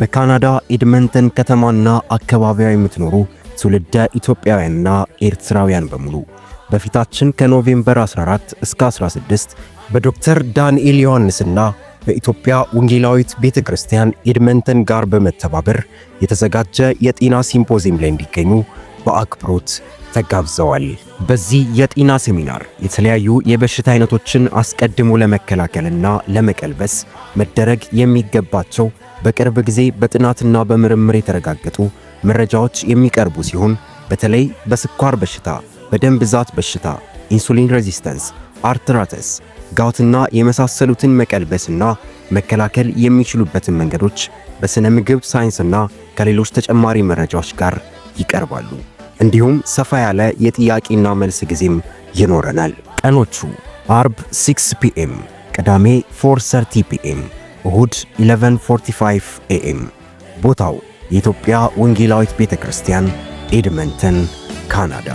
በካናዳ ኤድመንተን ከተማና አካባቢዋ የምትኖሩ ትውልደ ኢትዮጵያውያንና ኤርትራውያን በሙሉ በፊታችን ከኖቬምበር 14 እስከ 16 በዶክተር ዳንኤል ዮሐንስና በኢትዮጵያ ወንጌላዊት ቤተ ክርስቲያን ኤድመንተን ጋር በመተባበር የተዘጋጀ የጤና ሲምፖዚየም ላይ እንዲገኙ በአክብሮት ተጋብዘዋል። በዚህ የጤና ሴሚናር የተለያዩ የበሽታ አይነቶችን አስቀድሞ ለመከላከልና ለመቀልበስ መደረግ የሚገባቸው በቅርብ ጊዜ በጥናትና በምርምር የተረጋገጡ መረጃዎች የሚቀርቡ ሲሆን በተለይ በስኳር በሽታ፣ በደም ብዛት በሽታ፣ ኢንሱሊን ሬዚስተንስ፣ አርትራተስ፣ ጋውትና የመሳሰሉትን መቀልበስና መከላከል የሚችሉበትን መንገዶች በሥነ ምግብ ሳይንስና ከሌሎች ተጨማሪ መረጃዎች ጋር ይቀርባሉ። እንዲሁም ሰፋ ያለ የጥያቄና መልስ ጊዜም ይኖረናል። ቀኖቹ አርብ 6 ፒኤም፣ ቅዳሜ 4:30 ፒኤም፣ እሁድ 11:45 ኤኤም። ቦታው የኢትዮጵያ ወንጌላዊት ቤተ ክርስቲያን ኤድመንተን ካናዳ።